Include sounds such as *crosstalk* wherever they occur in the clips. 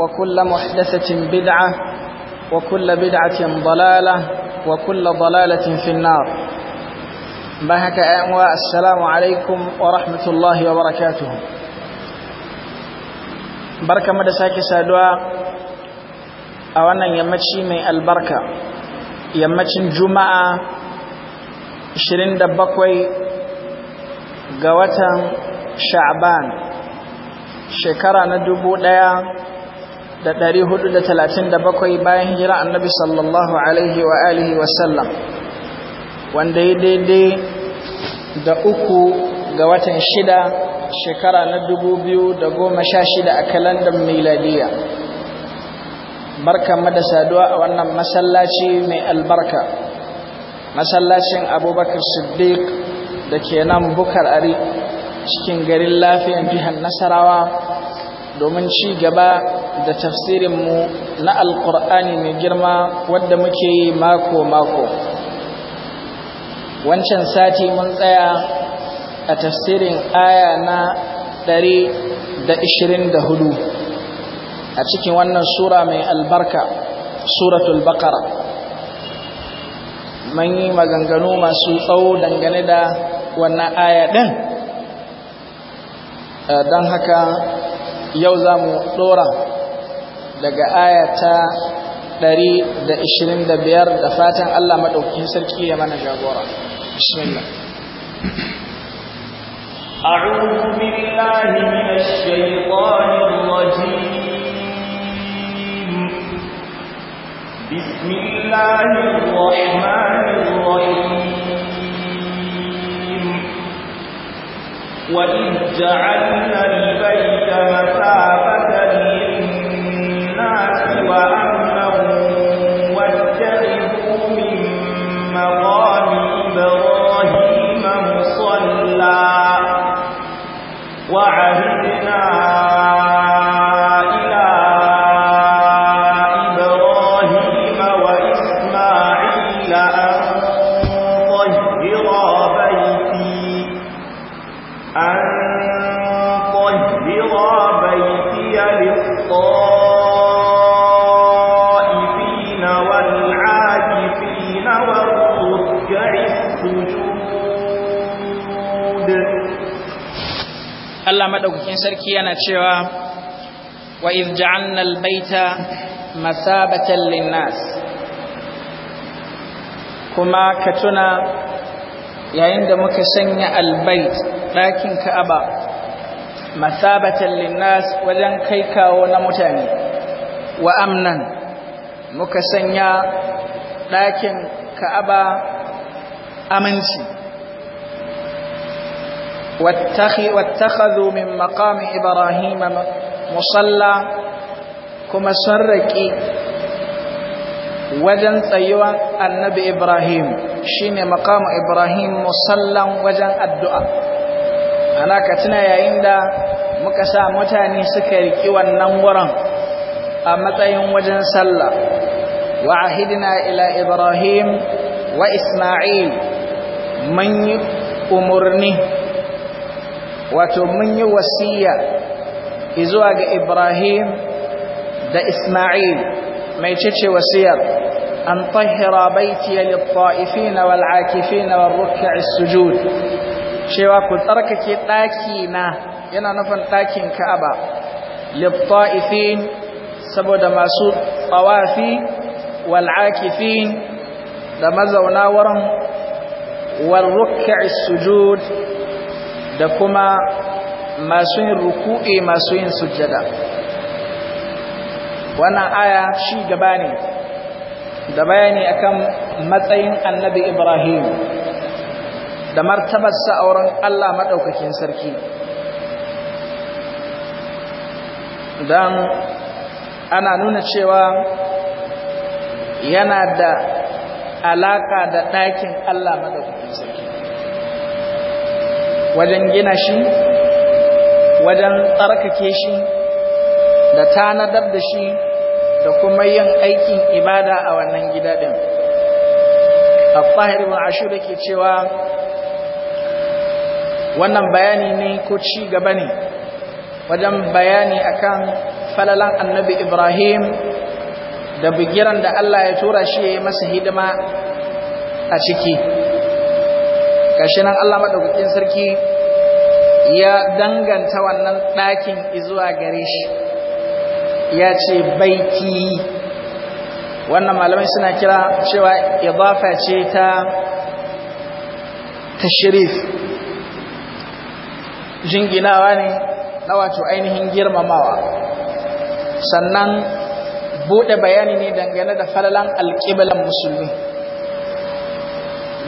وكل محدثة بدعة وكل بدعة ضلالة وكل ضلالة في النار بهك أموى السلام عليكم ورحمة الله وبركاته بركة مدساك سادوا أولا يمتشي من البركة يمتشي جمعة 27 ga watan sha'ban shekara na dubu ɗaya da ɗari hudu da talatin da bakwai bayan hijira annabi sallallahu alaihi wa alihi wasallam wanda ya daidai da uku ga watan shida shekara na dubu biyu da goma sha shida a kalandar miladiya barkan da saduwa a wannan masallaci mai albarka masallacin abubakar siddiq da ke nan bukar ari cikin garin lafiyan jihar nasarawa domin ci gaba da tafsirinmu na alkur'ani mai girma wadda muke yi mako-mako wancan sati mun tsaya a tafsirin aya na 124 a cikin wannan sura mai albarka suratul baqara mun yi maganganu masu tsawo dangane da wannan aya ɗin eh, don haka yau za mu ɗora daga ayata 125 da fatan Allah maɗaukin sarki ya mana jagora. Bismillah. أعوذ بالله من الشيطان الرجيم بسم الله الرحمن الرحيم وإذ جعلنا البيت مثابة للناس وأمنا madaukakin sarki yana cewa wa iz ja'alna baita masabatan lin-nas kuma ka tuna yayin da muka sanya al-bait ɗakin Ka'aba masabatan lin-nas wajen kai kawo na mutane wa amnan muka sanya ɗakin Ka'aba aminci واتخذوا من مقام إبراهيم مصلى كما سرقي وجن سيوان النبي إبراهيم شين مقام إبراهيم مصلى وجن الدعاء أنا كتنا يا إندا مكسا متاني سكركي والنورا أمتين وجن سلى وعهدنا إلى إبراهيم وإسماعيل من أمرني wato mun yi wasiya izuwa ga Ibrahim da Ismail mai cece wasiyar an tahira baitiya lit-ta'ifin wal-'akifin war-ruk'i sujud cewa ku tsarkake daki na yana nufin dakin Ka'aba lit-ta'ifin saboda masu tawafi wal-'akifin da mazauna wurin war-ruk'i sujud da kuma masu yin ruku'i masu yin sujjada wannan aya shi gaba ne da bayani akan matsayin annabi ibrahim da martabarsa a wurin allah maɗaukakin sarki Dan ana nuna cewa yana da alaƙa da ɗakin allah maɗaukakin wajen gina shi wajen tsarkake shi da tanadar da shi da kuma yin aikin ibada a wannan gida a al-fahir ke ke cewa wannan bayani ne ko ci gaba ne wajen bayani akan falalan annabi ibrahim da bigiran da Allah ya tura shi ya yi masa hidima a ciki gashi nan Allah maɗaukakin sarki ya danganta wannan ɗakin izuwa gare shi ya ce baiti wannan malamai suna kira cewa idafa ce ta tashrif jinginawa ne na wato ainihin girmamawa sannan buɗe bayani ne dangane da falalan alƙiblan musulmi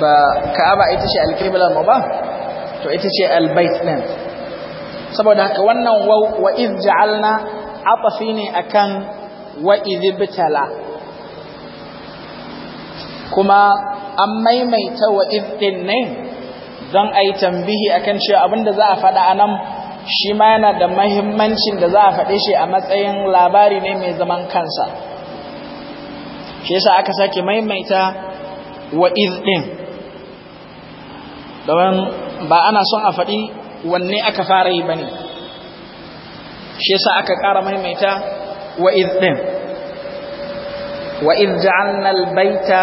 ba ka'aba ita ce alƙiblar mu ba to ita ce albait din saboda haka wannan wa'iz wa iz ja'alna atafi ne akan wa iz bitala kuma an maimaita wa iz din ne don a tambihi akan cewa abinda za a faɗa anan shi ma yana da mahimmancin da za a faɗe shi a matsayin labari ne mai zaman kansa shi yasa aka sake maimaita wa iz din domin ba ana son a faɗi wanne aka fara yi ba ne shi yasa aka ƙara maimaita wa ɗin wa ja'alna albaita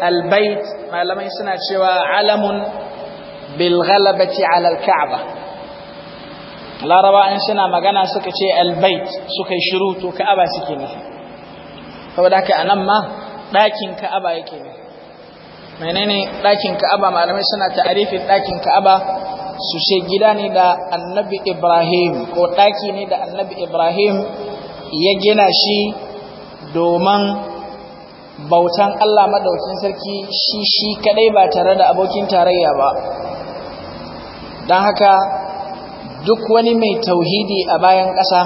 albait malamai suna cewa alamun bil ghalabati ala alka'ba laraba an suna magana suka ce albait suka yi shiru to ka'aba suke nufi saboda a anan ma ɗakin ka'aba yake ne menene ɗakin ka'aba malamai suna ta'arifin ɗakin ka'aba su ce gida ne da annabi ibrahim ko ɗaki ne da annabi ibrahim ya gina shi domin bautan allah maɗaukin sarki shi shi kaɗai ba tare da abokin tarayya ba don haka duk wani mai tauhidi a bayan ƙasa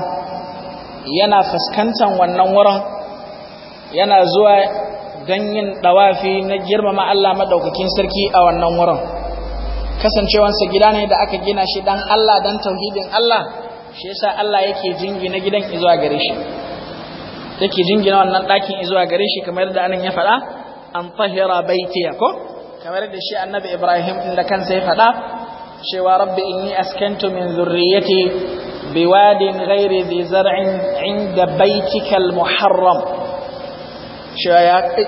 yana fuskantar wannan wurin yana zuwa don yin ɗawafi na girmama Allah maɗaukakin sarki a wannan wurin kasancewansa gida ne da aka gina shi dan Allah dan tauhidin Allah shi yasa Allah yake jingina gidan izuwa gare shi yake jingina wannan ɗakin izuwa gare shi kamar da anan ya faɗa an tahira baitiya ko kamar da shi annabi Ibrahim inda kansa ya faɗa cewa rabbi inni askantu min zurriyyati biwadin ghairi dhi zar'in inda baitikal muharram cewa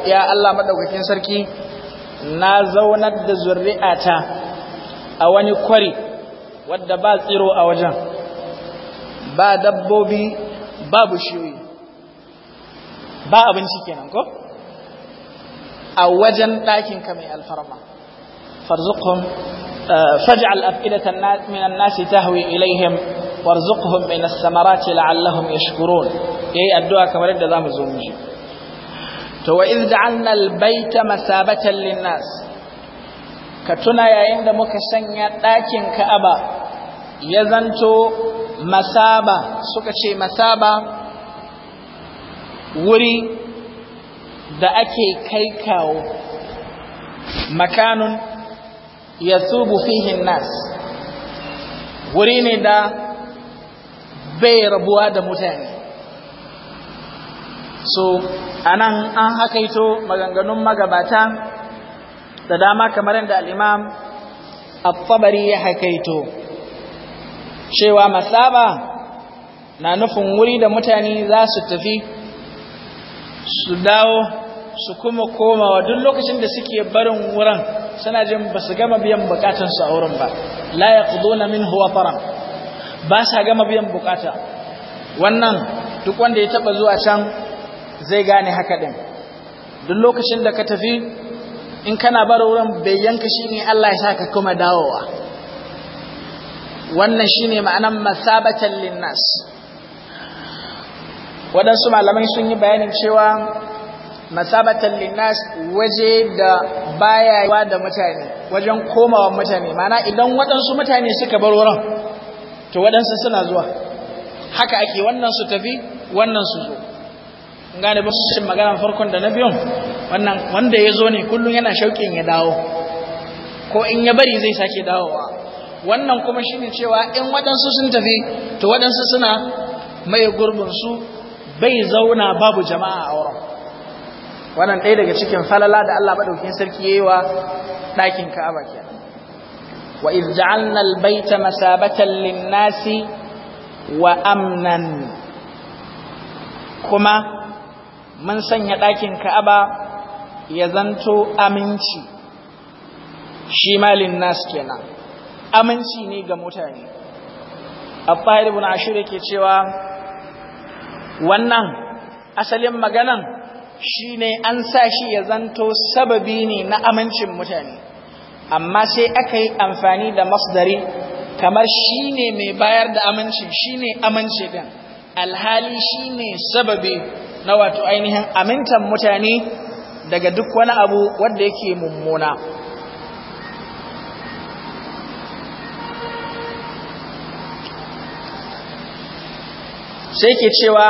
ya Allah maɗaukakin sarki na zaunar da zuri'ata a wani kwari wadda ba tsiro a wajen ba dabbobi ba bushewi, ba abinci kenan ko a wajen ɗakinka mai alfarma farzuqhum eh, faj'al af'idatan minan nasi tahwi ilaihim warzuqhum min as-samarati la'allahum yashkurun yayi addu'a kamar yadda zamu zo mu ji to wa iz ja'alna al-baita masabatan lin-nas ka tuna yayin da muka sanya ɗakin Ka'aba ya zanto masaba suka ce masaba wuri da ake kai kawo makanun yasubu fihi nas wuri ne da bai rabuwa da mutane so anan an hakaito maganganun magabata da dama kamar yadda al-imam at-tabari ya hakaito cewa masaba na nufin wuri da mutane za su tafi su dawo su kuma komawa duk lokacin da suke barin wurin suna jin ba su gama biyan bukatansu a wurin ba la min minhu fara, ba sa gama biyan bukata wannan duk wanda ya taba zuwa can zai gane haka din duk lokacin da ka tafi in kana bar wurin bai yanka shi ne Allah ya sa ka kuma dawowa wannan shi ne ma'anan masabatan linnas waɗansu malamai sun yi bayanin cewa masabatan linnas waje da bayawa da mutane wajen komawa mutane mana idan waɗansu mutane suka bar wurin to waɗansu suna zuwa haka ake wannan su tafi wannan su zo gane ba cin magana farkon da na biyun wannan wanda ya zo ne kullum yana shauƙin ya dawo ko in ya bari zai sake dawowa wannan kuma shine cewa in waɗansu sun tafi to wadansu suna mai gurbinsu bai zauna babu jama'a a wurin wannan ɗaya daga cikin falala da Allah maɗaukin sarki yayi wa ɗakin Ka'aba ke wa iz ja'alna al-baita masabatan lin-nasi wa amnan kuma mun sanya ɗakin ka'aba ya zanto aminci shi malin nas kenan aminci ne ga mutane abba ibn ashir yake cewa wannan asalin maganan shine an sa shi ya zanto sababi ne na amincin mutane amma sai aka yi amfani da masdari kamar shine mai bayar da aminci shi ne aminci din alhali shine sababi na wato ainihin amintan mutane daga duk wani abu wanda yake mummuna sai ke cewa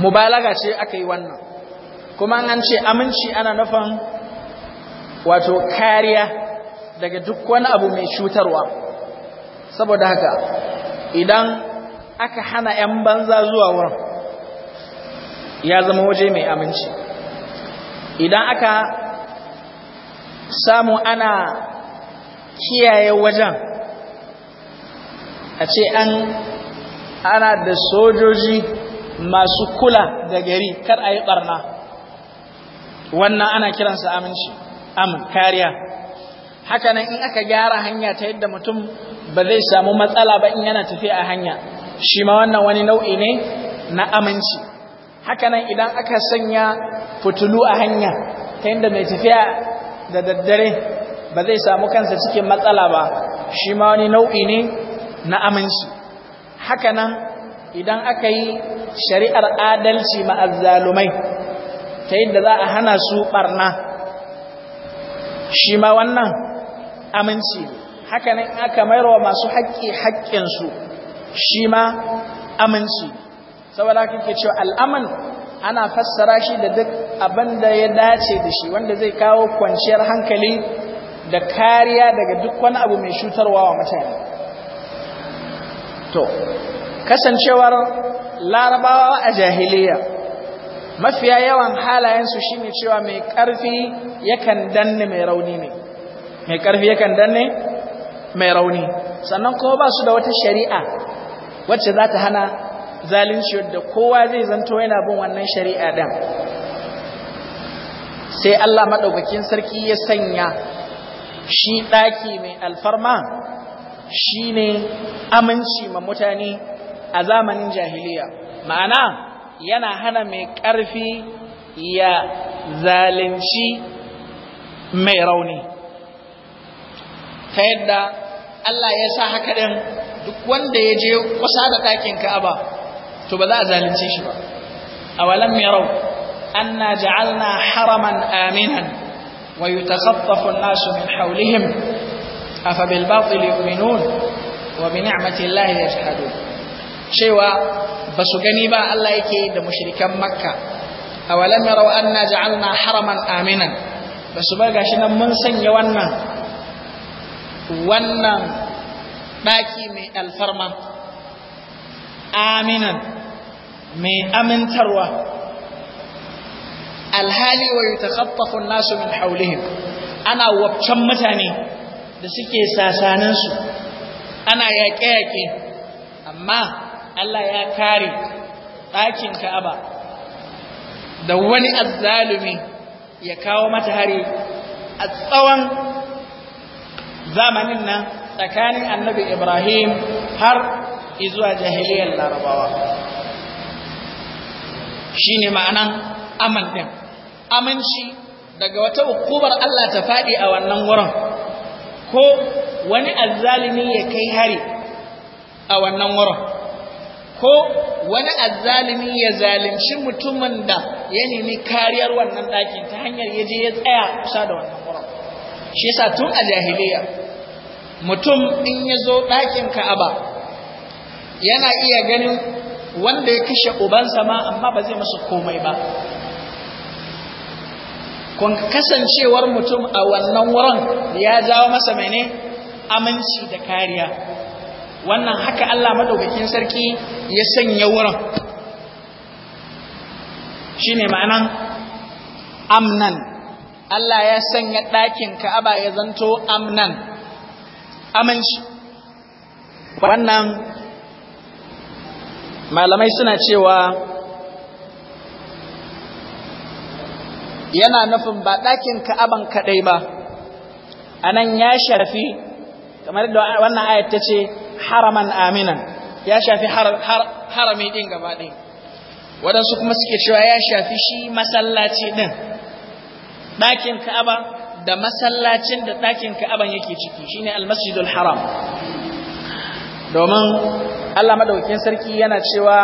mubalaga ce aka yi wannan kuma an ce aminci ana nufin wato kariya daga duk wani abu mai cutarwa saboda haka idan aka hana 'yan banza zuwa wurin ya zama waje mai aminci idan aka samu ana kiyaye wajen a ce an ana da sojoji masu kula da gari kar a yi barna wannan ana kiransa aminci amin kariya Haka nan in aka gyara hanya ta yadda mutum ba zai samu matsala ba in yana tafiya a hanya shi ma wannan wani nau'i ne na aminci hakanan idan aka sanya fitulu a hanya ta yadda mai tafiya da daddare ba zai samu kansa cikin matsala ba shi ma wani nau'i ne na aminci hakanan idan aka yi shari'ar adalci ma'azzalumai ta yadda za a hana su barna shi ma wannan aminci hakanan aka mayarwa masu haƙƙi haƙƙinsu shi ma aminci saboda kake cewa al'aman ana fassara shi da duk abin da ya dace da shi wanda zai kawo kwanciyar hankali da kariya daga duk wani abu mai cutarwa wa mutane to kasancewar larabawa a jahiliya mafiya yawan halayensu shine cewa mai ƙarfi yakan danne mai rauni ne mai ƙarfi yakan danne mai rauni sannan kuma ba su da wata shari'a wacce za ta hana zalunci da kowa zai zanto yana bin wannan shari'a din sai Allah madaukakin sarki ya sanya shi daki mai alfarma shine aminci ma mutane a zamanin jahiliya ma'ana yana hana mai ƙarfi ya zalunci mai rauni ta yadda Allah ya sa haka ɗin duk wanda ya je kusa da ɗakin Ka'aba to ba za a zalunce shi ba awalam yarau anna ja'alna haraman aminan wa yatakhaffafu an-nasu min haulihim. afa bil batil yu'minun wa bi ni'mati ya yajhadun cewa ba su gani ba Allah yake da mushrikan makka awalam yarau anna ja'alna haraman aminan ba su ba gashi nan mun sanya wannan wannan ɗaki mai alfarma aminan mai amintarwa alhali wa ta an-nasu min haulihim. ana wabcan mutane da suke sasanan ana yaƙe-yaƙe amma Allah ya kare ɗakin Ka'aba da wani azzalumi ya kawo mata hari a tsawon zamanin nan tsakanin annabi Ibrahim har izuwa jahiliyar larabawa ne ma'anan aman ɗin aminci daga wata hukumar Allah ta faɗi a wannan wurin ko wani azzalimi ya kai hari a wannan wurin ko wani azzalimi ya zalunci mutumin da ya nemi kariyar wannan ɗakin ta hanyar ya je ya tsaya kusa da wannan wurin shi yasa tun a jahiliya mutum in ya zo ɗakin ka'aba yana iya ganin wanda ya kashe ubansa ma amma ba zai masa komai ba kun kasancewar mutum a wannan wurin ya jawo masa mene aminci da kariya wannan haka Allah madaukakin sarki ya sanya wurin shine ma'anan amnan Allah ya sanya ɗakin Ka'aba ya zanto amnan aminci wannan malamai suna cewa yana nufin ba ɗakin ka'aban kaɗai ba a nan ya shafi kamar da wannan ayat ta ce haraman aminan ya shafi harami ɗin gaba ɗin waɗansu kuma suke cewa ya shafi shi masallaci ɗin ɗakin ka'aba da masallacin da ɗakin ka'aban yake ciki shine almasjidul haram domin Allah madaukakin sarki yana cewa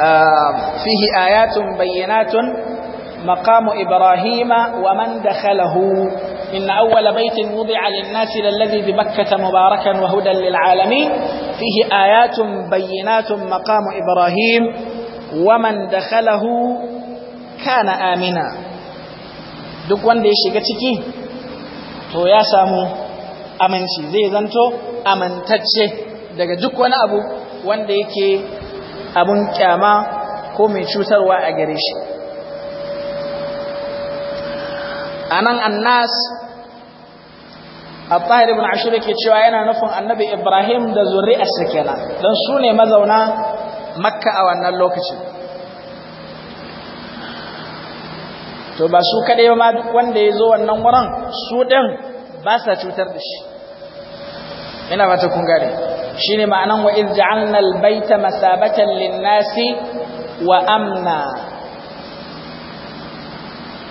ah, fihi ayatun bayyinatun maqamu ibrahima wa man dakhalahu إن أول بيت وضع للناس للذي بمكة مباركا وهدى fihi ayatun آيات بينات مقام إبراهيم ومن duk wanda ya shiga ciki to ya samu aminci zai zanto amintacce daga duk wani abu wanda yake abun kyama ko mai cutarwa a gare shi anan annas al-tahir ibn ashur yake cewa yana nufin annabi ibrahim da zuri'arsa kenan don su ne mazauna makka a wannan lokacin to ba su kaɗai ma duk wanda ya zo wannan wurin su ɗin ba sa cutar da shi ina mata kun gane shine ma'anan wa iz ja'alna baita masabatan lin-nasi wa amna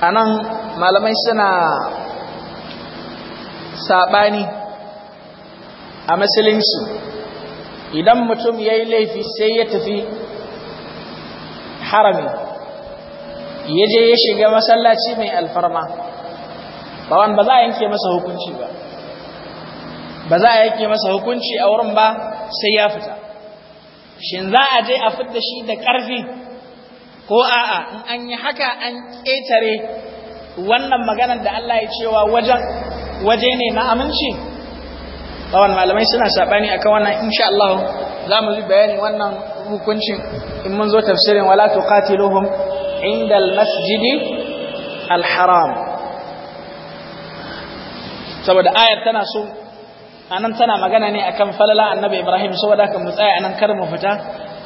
anan malamai suna sabani a musulunci idan mutum yayi laifi sai ya tafi harami yaje ya shiga masallaci mai alfarma ba wanda za a yanke masa hukunci ba ba za a yake masa hukunci a wurin ba sai ya fita shin za a je a fidda shi da ƙarfi ko a'a in an yi haka an ƙetare wannan maganar da Allah ya cewa wajen waje ne na aminci tsawon malamai suna saɓani akan wannan insha Allah za mu yi bayani wannan hukuncin in mun zo tafsirin wala tuqatiluhum inda al-masjidi alharam saboda ayar tana so anan tana magana ne akan falala annabi Ibrahim saboda kan mu tsaya anan kar mu fita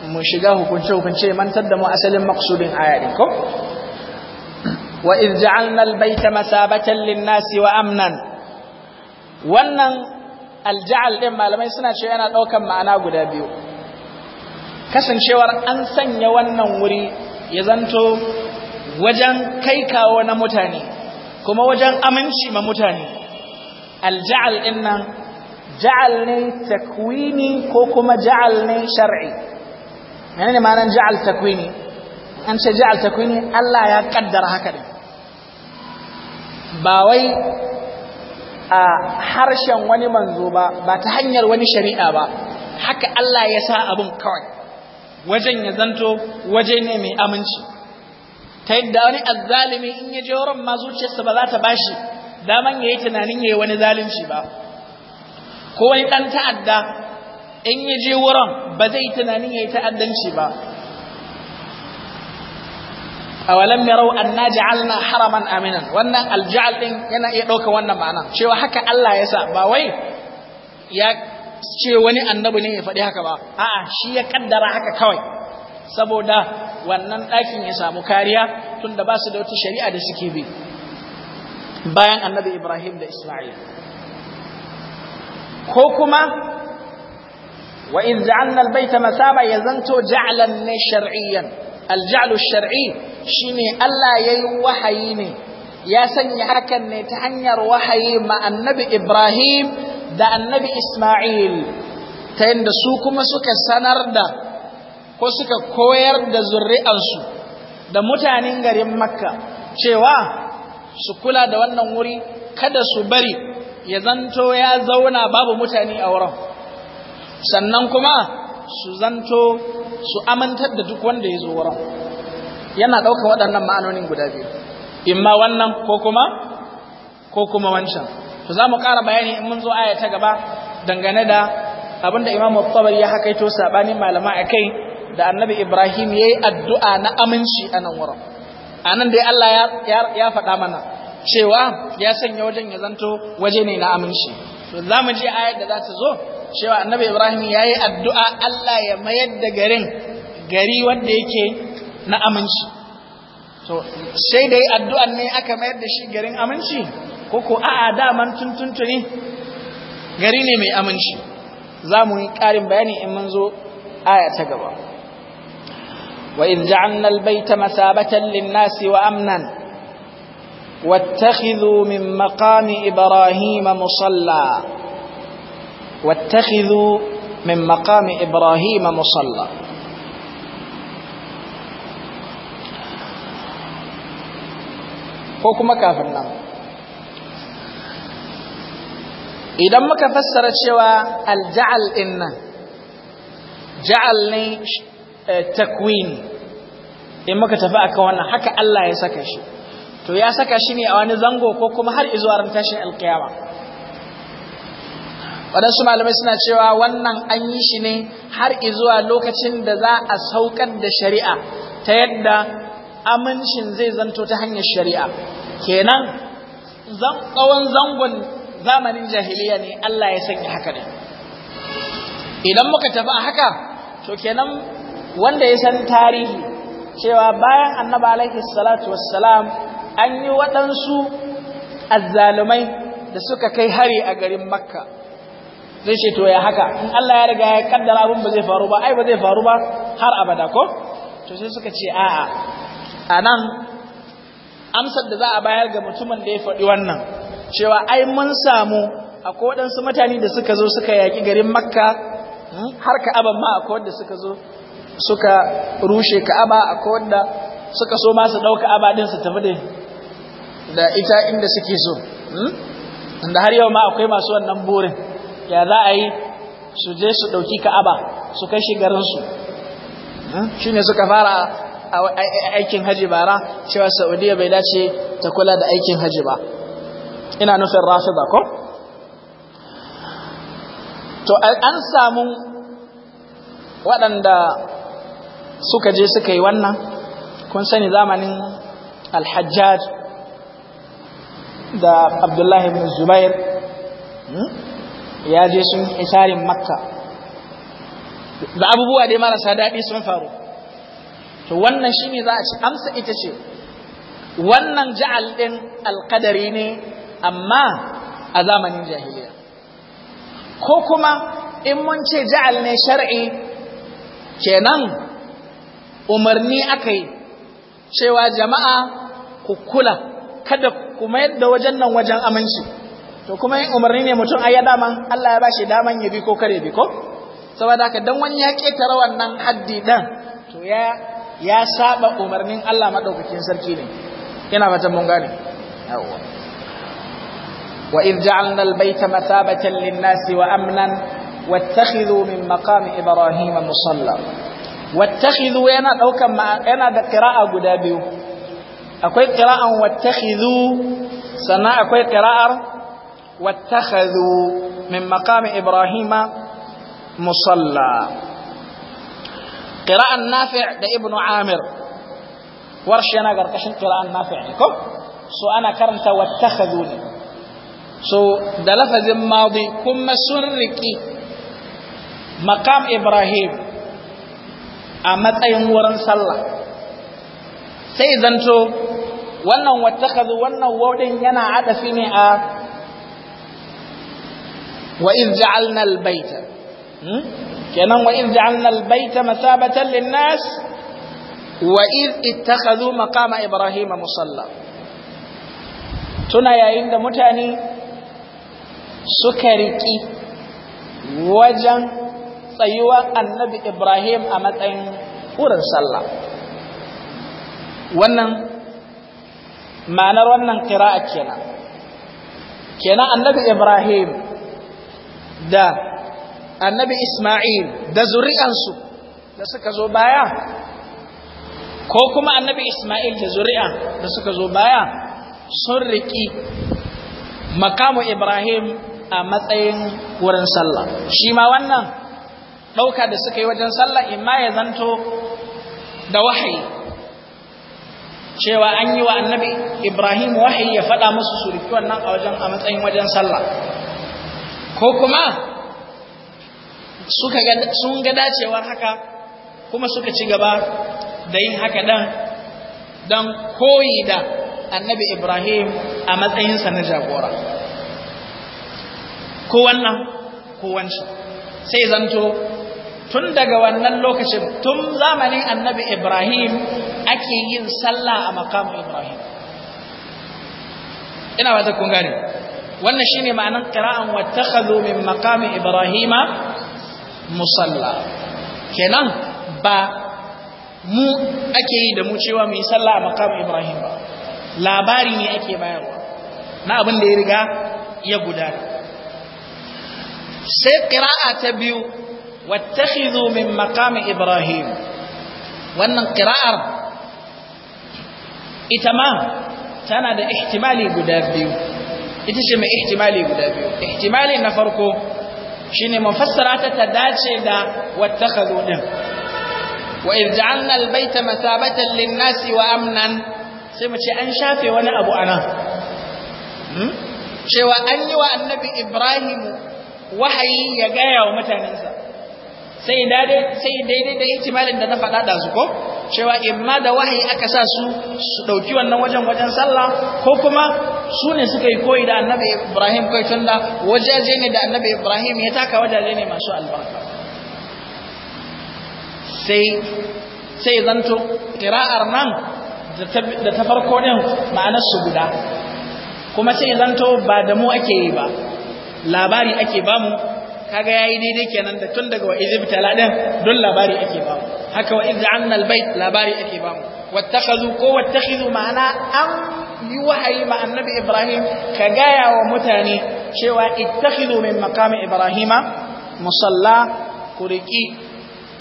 mu shiga hukunce hukunce mantar da mu asalin maqsudin aya din ko wa iz ja'alna al masabatan lin-nasi wa amnan wannan alja'al din malamai suna cewa yana daukan ma'ana guda biyu kasancewar an sanya wannan wuri ya zanto wajen kai kawo na mutane kuma wajen aminci ma mutane alja'al ɗin nan ja'al ne takwini ko kuma ja'al ne shar'i yana ne ma'anar ja'al takwini an ce ja'al takwini Allah ya kaddara haka ne ba wai a harshen wani manzo ba ba ta hanyar wani shari'a ba haka Allah ya sa abin kawai wajen ya zanto waje ne mai aminci ta yadda wani azzalimi in ya je wurin ma zuciyarsa ba za ta bashi daman ya yi tunanin ya yi wani zalunci ba ko wani ɗan ta'adda in ya je wurin ba zai tunanin ya yi ta'addanci ba a walam ya rau an na haraman aminan wannan alja'al ɗin yana iya ɗauka wannan ma'ana cewa haka Allah ya sa ba wai ya ce wani annabi ne ya faɗi haka ba a'a shi ya kaddara haka kawai saboda wannan ɗakin ya samu kariya tunda ba su da wata shari'a da suke bi bayan annabi Ibrahim da Isma'il ko kuma wa in ja'alna albayta masaba ya zanto ja'lan ne shar'iyyan alja'lu shar'i shine Allah yi wahayi ne ya sanya hakan ne ta hanyar wahayi ma annabi Ibrahim da annabi Isma'il ta yanda su kuma suka sanar da ko suka koyar da zuri'ansu da mutanen garin Makka cewa su kula da wannan wuri kada su bari ya zanto ya zauna babu mutane a wurin sannan kuma su zanto su amintar da duk wanda ya zo wurin yana ɗauka waɗannan ma'anonin guda biyu imma wannan ko kuma ko kuma wancan to za mu ƙara bayani in mun zo aya ta gaba dangane da abinda imam tabari ya hakaito sabanin malama akai da annabi ibrahim ya yi addu'a na aminci a nan wurin a nan dai allah ya faɗa mana cewa ya sanya wajen ya zanto waje ne na aminci to za mu je ayar da za ta zo cewa annabi ibrahim ya yi addu'a allah ya mayar da garin gari wanda yake na aminci to sai da yi addu'an ne aka mayar da shi garin aminci ko ko a'a daman tuntuntuni gari ne mai aminci za mu yi ƙarin bayani in mun zo aya ta gaba wa in ja'annal baita masabatan lin-nasi wa amnan واتخذوا من مقام إبراهيم مصلى واتخذوا من مقام إبراهيم مصلى ko kuma kafin nan idan muka fassara cewa alja'al din nan ja'al ne takwini in muka tafi akan wannan haka Allah ya saka shi to ya saka shi ne a wani zango ko kuma har izuwa ran tashin alkiyama waɗansu malamai suna cewa wannan an yi shi ne har izuwa lokacin da za a saukar da shari'a ta yadda amincin zai zanto ta hanyar shari'a kenan tsawon zangon zamanin jahiliya ne Allah ya sanya haka ne idan muka tafi a haka to kenan wanda ya san tarihi cewa bayan annabi alaihi salatu wassalam an yi waɗansu azzalumai da suka kai hari a garin makka zai ce to ya haka in Allah ya riga ya kaddara abin ba zai faru ba ai ba zai faru ba har abada ko to sai suka ce a'a anan amsar da za a bayar ga mutumin da ya faɗi wannan cewa ai mun samu akwai waɗansu mutane da suka zo suka yaƙi garin makka hmm, har ka'aban ma akwai wanda suka zo suka rushe ka'aba akwai wanda suka so ma su ɗauka abadin su tafi da da ita inda suke so hmm? da har yau ma akwai masu wannan burin ya za a yi su je su ɗauki ka'aba su kai shi garinsu hmm? shi ne suka fara aikin haji bara cewa saudiya bai dace ta kula da aikin haji ba ina nufin rafi ba ko to an samu waɗanda suka je suka yi wannan kun sani zamanin alhajjaj da abdullahi bin zubair hmm? ya je sun isarin makka da abubuwa dai marasa daɗi sun faru to wannan shi ne za a ci amsa ita ce wannan ja'al ɗin alƙadari ne amma a zamanin jahiliya ko kuma in mun ce ja'al ne shar'i kenan umarni aka yi cewa jama'a ku kula kada ku. kuma yadda wajen nan wajen aminci to kuma yin umarni ne mutum ai ya dama Allah ya bashi daman ya bi ko kare bi ko saboda haka dan wani ya ketara wannan haddi dan to ya ya saba umarnin Allah madaukakin sarki ne ina fatan mun gane yawa wa id ja'alna al-bayta mathabatan lin-nasi wa amnan wattakhidhu min maqami ibrahima musalla wattakhidhu yana daukan yana da qira'a guda biyu akwai qira'an wattakhidhu sannan akwai qira'ar wattakhadhu min maqami ibrahima musalla qira'an nafi' da ibnu amir warshe na garkashin qira'an nafi' ko so ana karanta wattakhadhu ne so da lafazin madi kuma sun riki maqam ibrahim a matsayin wurin sallah sai zanto wannan wattakhadhu wannan wawdin yana adafi ne a wa iz ja'alna al-baita hmm? kenan wa iz ja'alna al-baita masabatan lin-nas wa iz ittakhadhu maqama ibrahima musalla tuna yayin da mutane suka riki wajen tsayuwar annabi ibrahim a matsayin wurin sallah wannan ma'anar wannan qira'a kenan kenan annabi ibrahim da annabi isma'il da zuri'ansu da suka zo baya ko kuma annabi isma'il da zuri'a da suka zo baya sun riƙi makamu ibrahim a matsayin wurin sallah shi ma wannan ɗauka da suka yi wajen sallah imma ya zanto da wahayi cewa an yi wa annabi Ibrahim wahayi ya faɗa musu su wannan a wajen a matsayin wajen sallah ko kuma suka sun ga dacewar haka kuma suka ci gaba da yin haka dan dan koyi da annabi Ibrahim a matsayinsa na jagora ko wannan ko wancan sai zanto tun daga wannan lokacin tun zamanin annabi ibrahim ake yin sallah a makamu ibrahim ina ba ta wannan shine ma'anar qira'an wattakhadhu min maqami ibrahima musalla kenan ba mu ake yi da mu cewa mu yi sallah a makamu ibrahim ba labari ne ake bayarwa na abin da ya riga ya gudana sai ƙira'a ta biyu واتخذوا من مقام إبراهيم وأن قراءة إتمام تانا دا احتمالي قدابيو إتسمى احتمالي قدابيو احتمالي نفركو شيني مفسرات تتداتشي دا واتخذوا نم وإذ جعلنا البيت مثابة للناس وأمنا سيما شي أنشافي وانا أبو أنا شي وأني وأن نبي إبراهيم وحي يقايا ومتى ننزل sai daidai da ihtimalin da na faɗa da su ko cewa imma da wahayi aka sa su su ɗauki wannan wajen wajen sallah ko kuma su ne suka yi koyi da annabi ibrahim kai tun da wajaje ne da annabi ibrahim ya taka wajaje ne masu albarka sai sai zanto ƙira'ar nan da ta farko ɗin ma'anar su guda kuma sai zanto ba da mu ake yi ba labari ake bamu kaga yayi daidai kenan da tun daga wa izibtala din don labari ake ba haka wa iz'anna albayt labari ake ba mu wattakhadhu ko wattakhizu ma'ana an yi wahayi ma annabi ibrahim ka gaya wa mutane cewa ittakhidhu min maqami ibrahima musalla kuriki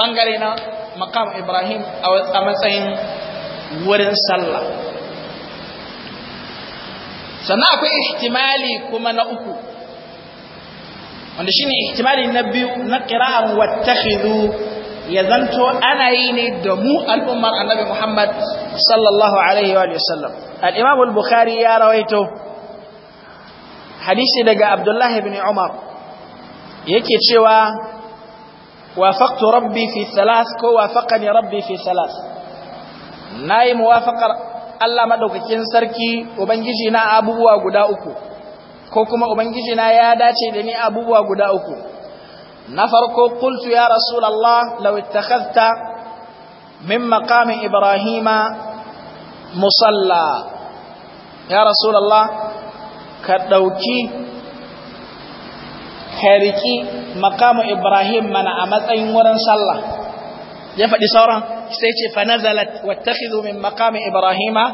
bangare na maqam ibrahim a matsayin wurin sallah sannan akwai ihtimali kuma na uku wanda shine ihtimali na biyu na qira'an wattakhidhu ya zanto ana yi ne da mu al'ummar annabi Muhammad sallallahu alaihi wa sallam al-imam al-bukhari ya rawaito hadisi daga abdullah ibn umar yake cewa wafaqtu rabbi fi thalath ko wafaqani rabbi fi thalath nayi muwafaqar Allah madaukakin sarki ubangiji na abubuwa guda uku ko kuma ubangiji na ya dace da ni abubuwa guda uku na farko kultu ya rasulullah law ittakhadhta min maqami ibrahima musalla ya rasulullah ka ka riƙi maqamu ibrahim mana a matsayin wurin sallah ya faɗi sauran sai ce fa nazalat wattakhidhu min maqami ibrahima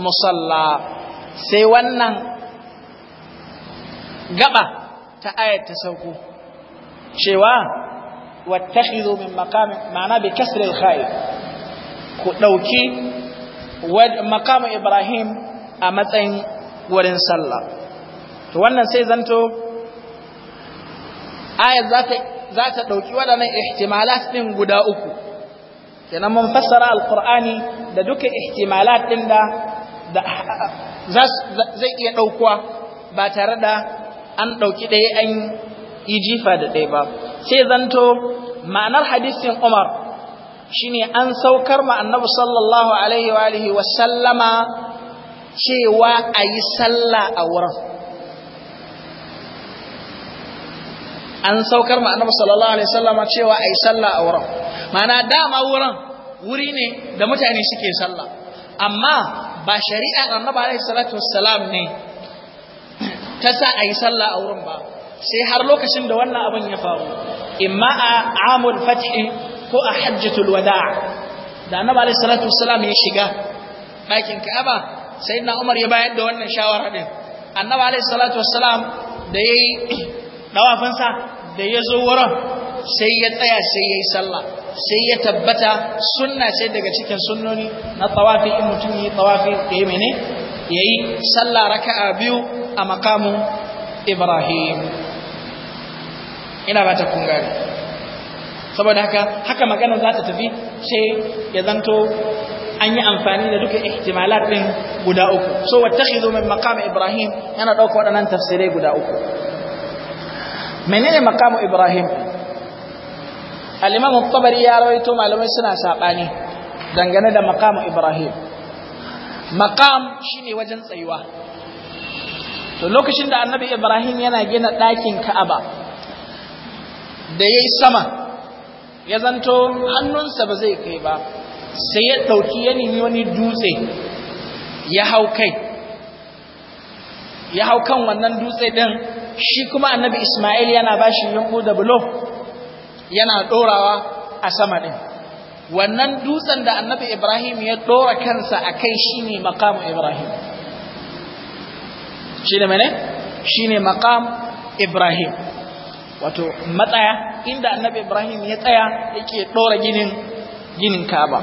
musalla sai wannan gaba ta ayat ta sauko cewa wattakhidhu min maqami ma'ana bi kasr al ku dauki maqamu ibrahim a matsayin wurin sallah to wannan sai zanto ayat za ta za ta dauki waɗannan ihtimalat din guda uku kenan mun fassara al-qur'ani da duka ihtimalat din da zai iya ɗaukuwa ba tare da an ɗauki ɗaya an yi jifa da ɗaya ba sai zanto ma'anar hadisin umar shine an saukar ma annabi sallallahu alaihi wa alihi wa sallama cewa a yi sallah a wurin an saukar ma annabi sallallahu alaihi wasallama cewa a yi sallah a wurin ma'ana dama wurin wuri ne da mutane suke sallah amma ba shari'ar annabi alaihi salatu wassalam ne ta sa a yi sallah a wurin ba sai har lokacin da wannan abin ya faru imma a amul fathi ko a hajjatul wada'a da annabi alaihi salatu wassalam ya shiga bakin Ka'aba sayyidina Umar ya bayar da wannan shawara din annabi alaihi salatu wassalam da yayi dawafin *clears throat* sa da ya zo wurin sai ya tsaya sai yayi sallah sai ya tabbata sunna ce daga cikin sunnoni na tawafi in mutum yi tawafi yi mene yayi sallah raka'a biyu a makamin Ibrahim ina ba ta kun saboda haka haka magana za ta tafi sai ya zanto an yi amfani da duka ihtimalat din guda uku so wattakhidhu min maqam Ibrahim yana dauka waɗannan tafsirai guda uku menene maqam Ibrahim al-Imam at-Tabari ya rawaito malamai suna sabani dangane da maqam Ibrahim maqam shine wajen tsayuwa to lokacin da annabi ibrahim yana gina ɗakin ka'aba da yayi sama ya zanto hannunsa ba zai kai ba sai ya ɗauki yani wani dutse ya hau kai ya hau kan wannan dutse ɗin shi kuma annabi ismail yana bashi shi da bulo yana dorawa a sama ɗin wannan dutsen da annabi Ibrahim ya ɗora kansa a kai shi ne Ibrahim. Shi ne mene? Shi ne Ibrahim. Wato, matsaya inda annabi Ibrahim ya tsaya yake ɗora ginin ginin Kaaba.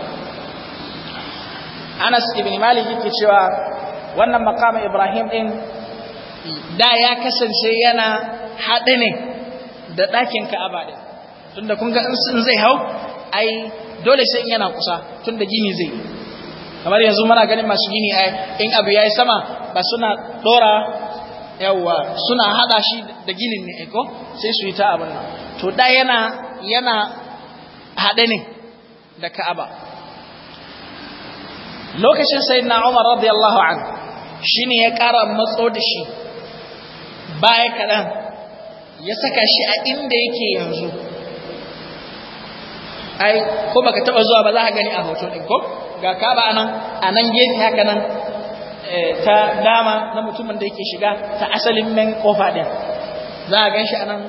Anas ibn Malik yake cewa wannan makamu Ibrahim ɗin da ya kasance yana haɗe ne da ɗakin Ka'aba ɗin. Tunda kun ga in zai hau, ai dole sai in yana kusa tun da gini zai kamar yanzu muna ganin masu gini ai in abu yayi sama ba suna dora yawa suna hada shi da ginin ne eh, ko sai su yi ta abin nan to da yana yana ne da Ka'aba lokacin sai na Umar radiyallahu anhu shine ya ƙara matso da shi baya kaɗan? ya saka shi a inda yake yanzu ai ko baka taba zuwa ba za ka gani a hoton din ko ga ka ba anan anan gefe haka nan eh, ta dama na mutumin da yake shiga ta asalin men kofa din za a ganshi anan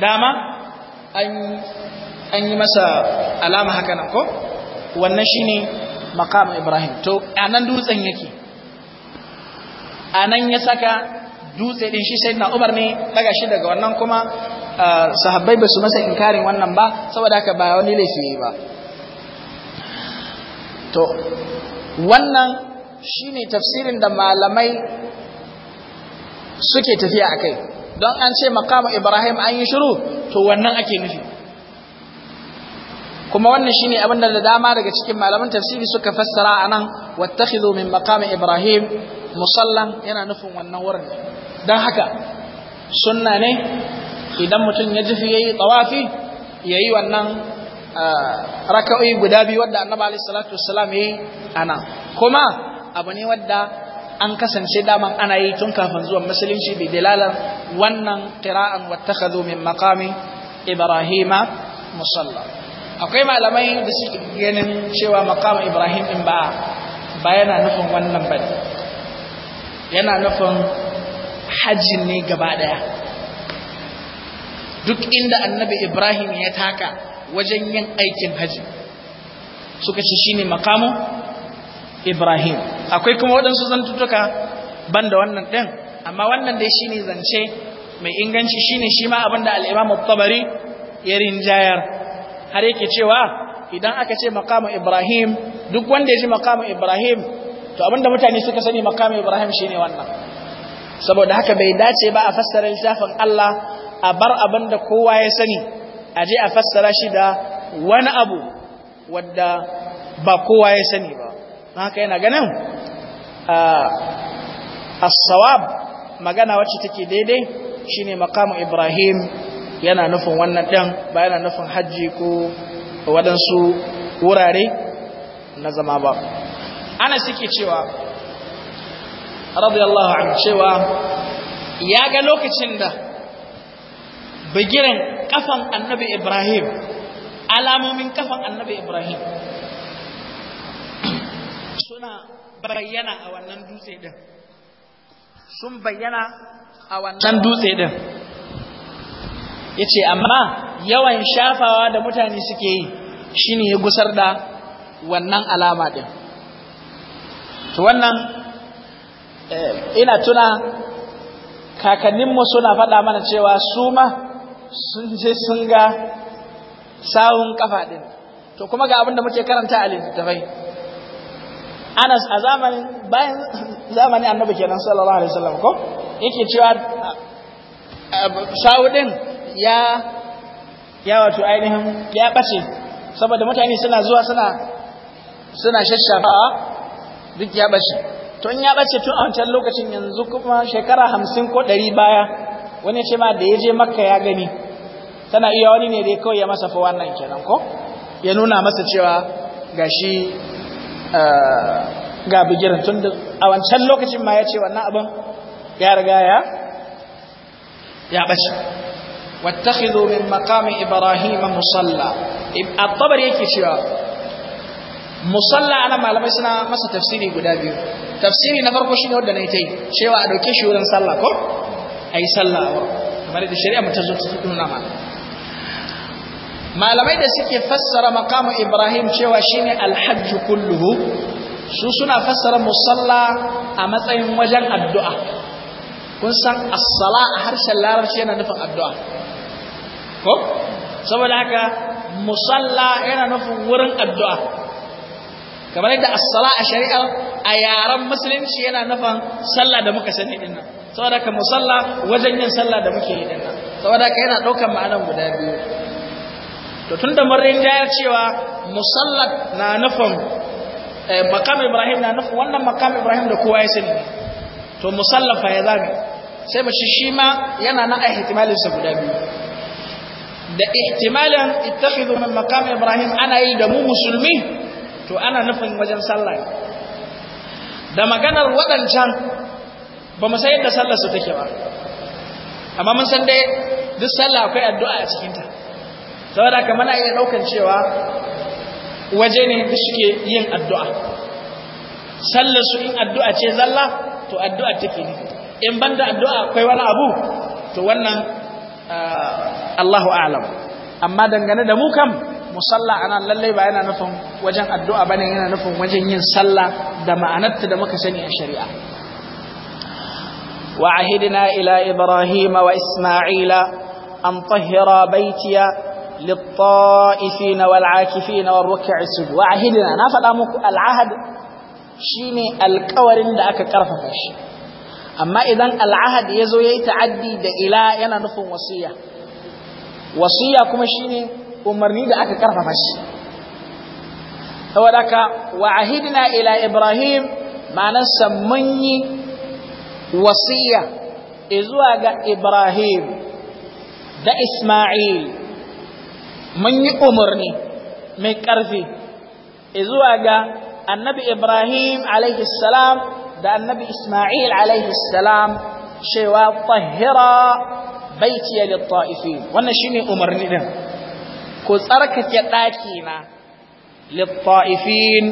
dama an an yi masa alama haka nan ko wannan shine maqam Ibrahim to anan dutsen yake anan ya saka dutse din shi sayyidina Umar ne daga shi daga wannan kuma sahabbai ba su masa inkarin wannan ba saboda haka ba wani laifi ba to wannan shine tafsirin da malamai suke tafiya akai don an ce makamu ibrahim an yi shiru to wannan ake nufi kuma wannan shine abin da dama daga cikin malaman tafsiri suka fassara anan wattakhidhu min maqami ibrahim musallan yana nufin wannan wurin dan haka sunna ne idan mutum ya jifi tsawafi ya yi wannan raka'o'i guda biyu wadda annaba alaihi salatu ya yayi ana kuma abu ne wadda an kasance daman ana yi tun kafin zuwan musulunci bi dilalar wannan qira'an wattakhadhu min maqami ibrahima musalla akwai malamai da suke ganin cewa maqam ibrahim din ba ba yana nufin wannan bane yana nufin hajji ne gaba daya duk inda annabi ibrahim ya taka wajen yin aikin haji suka ce shine makamu ibrahim akwai kuma waɗansu zantuttuka ban da wannan ɗin amma wannan dai shine zance mai inganci shine shi ma abinda al'imam tabari ya rinjayar har yake cewa idan aka ce makamu ibrahim duk wanda ya ji makamu ibrahim to abinda mutane suka sani makamu ibrahim shine wannan saboda haka bai dace ba a fassara littafin Allah a bar abin da kowa ya sani a je a fassara shi da wani abu wadda ba kowa ya sani ba haka yana ganin a sawab magana wacce take daidai shine makamu ibrahim yana nufin wannan ɗan, ba yana nufin hajji, ko waɗansu wurare na zama ba ana suke cewa radiyallahu anhu cewa ya ga lokacin da bigiran kafan annabi Ibrahim alamomin kafan annabi Ibrahim suna bayyana a wannan dutse din sun bayyana a wannan dutse din yace amma yawan shafawa da mutane suke yi shine ya gusar da wannan alama din to wannan eh, ina tuna kakanninmu suna faɗa mana cewa su ma sun je sun ga sawun kafa din to kuma ga abin da muke karanta a littattafai Anas a zamanin bayan zamanin Annabi kenan sallallahu alaihi wasallam ko yake cewa sawu din ya ya wato ainihin ya bace saboda mutane suna zuwa suna suna shashafa duk ya bace to in ya bace tun a wancan lokacin yanzu kuma shekara hamsin ko ɗari baya wani ce ma da ya je makka ya gani tana iya wani ne dai kawai ya masa fa wannan kenan ko ya nuna masa cewa gashi ga bigirin tun da a wancan lokacin ma ya ce wannan abin ya riga ya ya bace wattakhidhu min maqami ibrahim musalla at-tabari yake cewa musalla ana malamai suna masa tafsiri guda biyu tafsiri na farko shine wanda nayi tai cewa a dauke shi wurin sallah ko a yi sallah a kamar da shari'a mu zo ta nuna mana malamai da suke fassara makamu ibrahim cewa shine alhajju kulluhu su suna fassara musalla a matsayin wajen addu'a kun san as-sala a harshen larabci yana nufin addu'a ko saboda haka musalla yana nufin wurin addu'a kamar yadda as-sala a shari'a a yaran musulunci yana nufin sallah da muka sani din nan saboda ka musalla wajen yin sallah da muke yi din nan saboda ka yana daukan ma'anar guda biyu to tunda mun rinjayar cewa musallat na nufin eh, makam Ibrahim na nufin wannan makam Ibrahim da kowa ya sani to musallafa ya zame sai ba shi shi ma yana nan a ihtimalinsa guda biyu da ihtimalin ittakhidhu min maqam ibrahim ana yi da mu musulmi to ana nufin wajen sallah da maganar waɗancan ba mu san yadda sallar su take ba amma mun san dai duk sallah akwai addu'a a cikinta saboda kamar muna iya ɗaukan cewa waje ne da suke yin addu'a sallar su in addu'a ce zalla to addu'a take ne in banda addu'a akwai wani abu to wannan ah, Allahu a'lam amma dangane da mu kam musalla anan lallai ba yana nufin wajen addu'a ba bane yana nufin wajen yin sallah da ma'anarta da muka sani a shari'a wa ahidna ila ibrahim wa isma'ila an tahira baitiya للطائفين والعاكفين والركع السجود وعهدنا نفدا muku al'ahad shine alƙawarin da aka karfafa shi amma idan al'ahad yazo yayi ta'addi da ila yana nufin wasiyya. Wasiyya kuma shine umarni da aka karfafa shi saboda ka wa ahidna ila ibrahim ma'anarsa mun yi wasiya zuwa ga ibrahim da isma'il mun yi umarni mai ƙarfi zuwa ga annabi ibrahim salam da annabi isma'il salam cewa tahira baitiya litta'ifi wannan shine umarni ɗin ku tsarkake ɗakina litta'ifin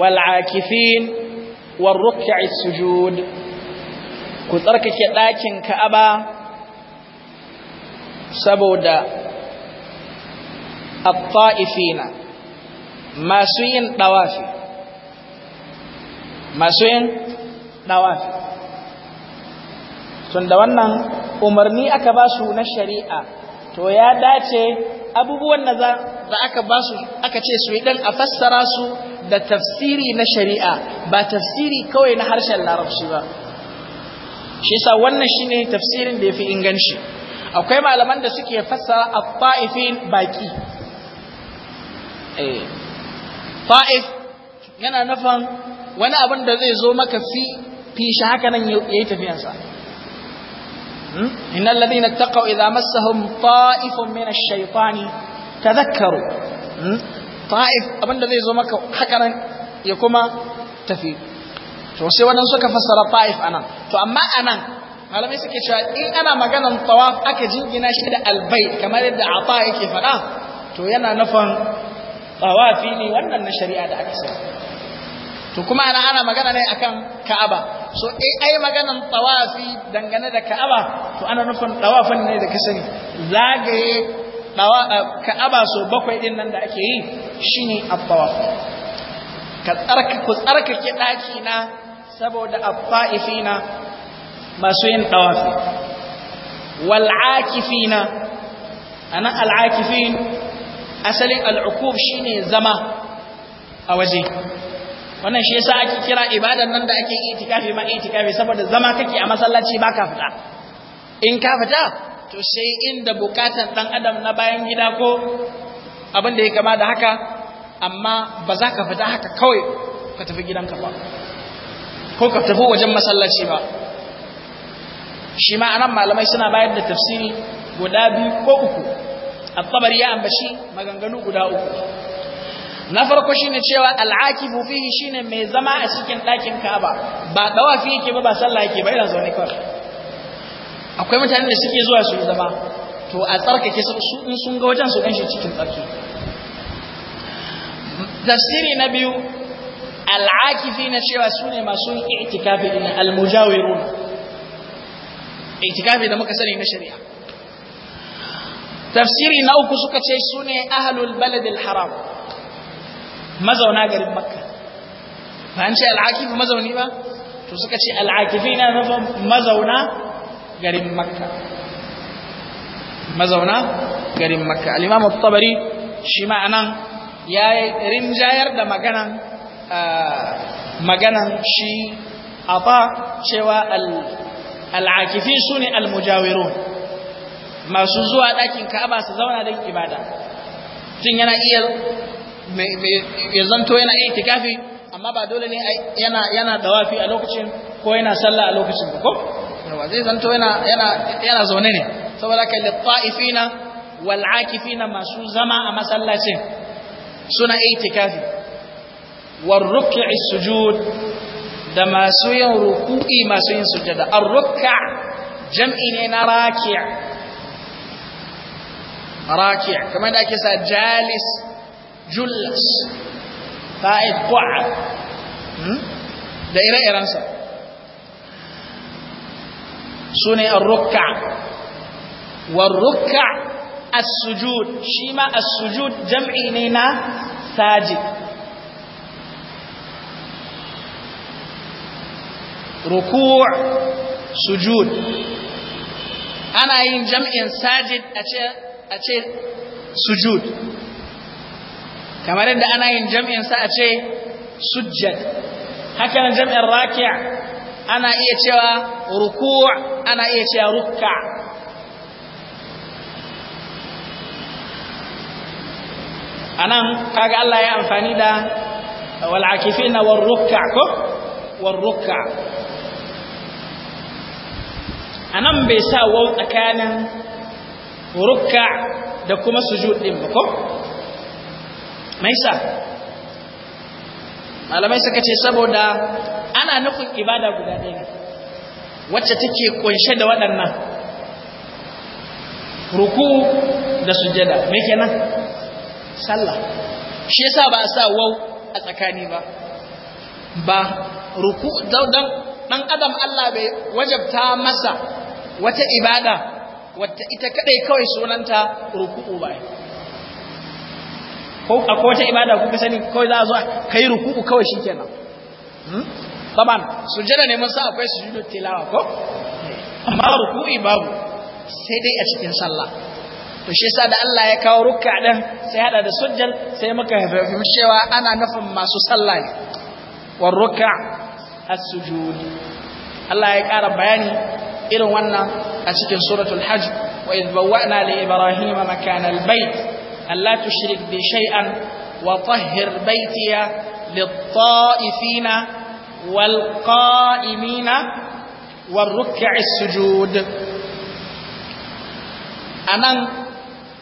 wal'akifin warruki'i sujud ku tsarkake ɗakin ka'aba saboda atta'ifina masu yin ɗawafi masu yin ɗawafi tun da wannan umarni aka ba su na shari'a to ya dace abubuwan da za aka ba su aka ce su yi dan a fassara su da tafsiri na shari'a ba tafsiri kawai na harshen larabci ba shi yasa wannan shine tafsirin da yafi inganci akwai malaman da suke fassara at-ta'ifin baki eh ta'if yana nufin wani abin da zai zo maka fi fi shi haka nan yayi tafiyansa إن الذين اتقوا إذا مسهم طائف من الشيطان تذكروا طائف أبن الذي زمك حكرا يكما تفي to sai wannan suka fassara ta'if anan to amma anan malamai suke cewa in ana maganan tawaf aka jingina shi da albai kamar yadda ata yake faɗa to yana nufin tawafi ne wannan na shari'a da aka to kuma ana ana magana ne akan ka'aba so in ai maganan tawafi dangane da ka'aba to ana nufin tawafin ne da ka sani zagaye eh, ka'aba so bakwai din nan da ake yi shine at-tawaf ka tsarka ku tsarkake daki na saboda at-taifina masu yin tawafi wal akifina ana al akifin asalin al-uqub shine zama a waje wannan shi yasa ake kira ibadan nan da ake itikafi ma itikafi saboda zama kake a masallaci ba ka fita in ka fita to sai inda bukatan dan adam na bayan gida ko abin da ya kama da haka amma ba za ka fita haka kawai ka tafi gidanka ba ko ka tafi wajen masallaci ba shi ma anan malamai suna bayar da tafsiri guda biyu ko uku at-tabari ya ambaci maganganu guda uku na farko shine cewa al'akifu fihi shine mai zama a cikin ɗakin Ka'aba ba dawafi yake ba ba sallah yake ba yana zaune kawai akwai mutanen da suke zuwa su zama to a tsarkake su in sun ga wajen su dan shi cikin tsarki tafsiri na biyu al'akifi na cewa su ne masu itikafi din al-mujawirun itikafi da muka sani na shari'a tafsiri na uku suka ce su ne ahlul baladil haram mazauna garin makka ba an ce al'akifu mazauni ba to suka ce al'akifi na nufin mazauna garin makka mazauna garin makka al'imamu tabari shi ma'anan ya rinjayar da maganan maganan shi a ba cewa al'akifi su ne al masu zuwa ɗakin ka'aba su zauna don ibada tun yana iya ya zanto yana itikafi amma ba dole ne yana yana dawafi a lokacin ko yana sallah a lokacin ko yawa zai zanto yana zaune ne saboda kai litta'ifina wal akifina masu zama a masallacin suna itikafi war ruk'i sujud da masu yin ruku'i masu yin sujada ar ruk'a jam'i ne na raki' raki' kamar da ake sa jalis jullas ta'id qu'ad da ire-irensa su ne rukka warrukka as-sujud shi ma as-sujud jam'i ne na sajid ruku' sujud ana yin jam'in sajid a ce sujud kamar yadda ana yin jam'in sa a ce sujjad haka nan jam'in raki' ana iya cewa ruku' ana iya cewa rukka anan kaga Allah ya amfani da wal akifina war rukka ko war rukka anan bai sa wau tsakanin rukka da kuma sujud din ba ko Maisa, malamai suka ce saboda ana nufin ibada guda ɗaya ne wacce take kunshe da waɗannan ruku da sujada me kenan sallah shi yasa ba a sa wau a tsakani ba ba ruku dan dan adam Allah bai wajabta masa wata ibada wata ita kadai kawai sunanta ruku'u ba ko akwai wata ibada kuka sani kawai za a zo kai ruku'u kawai shikenan hmm? saban sujada ne mun sa akwai sujudu tilawa ko amma ruku'i babu sai dai a cikin sallah to shi yasa da Allah ya kawo rukka din sai hada da sujjal sai muka fahimci cewa ana nufin masu sallah ne war rukka as-sujud Allah ya ƙara bayani irin wannan a cikin suratul hajj wa idh bawwa'na li ibrahima makana al-bayt Allah tushrik bi shay'an wa tahhir baytiya lit-ta'ifina wal-qa'imina war sujud anan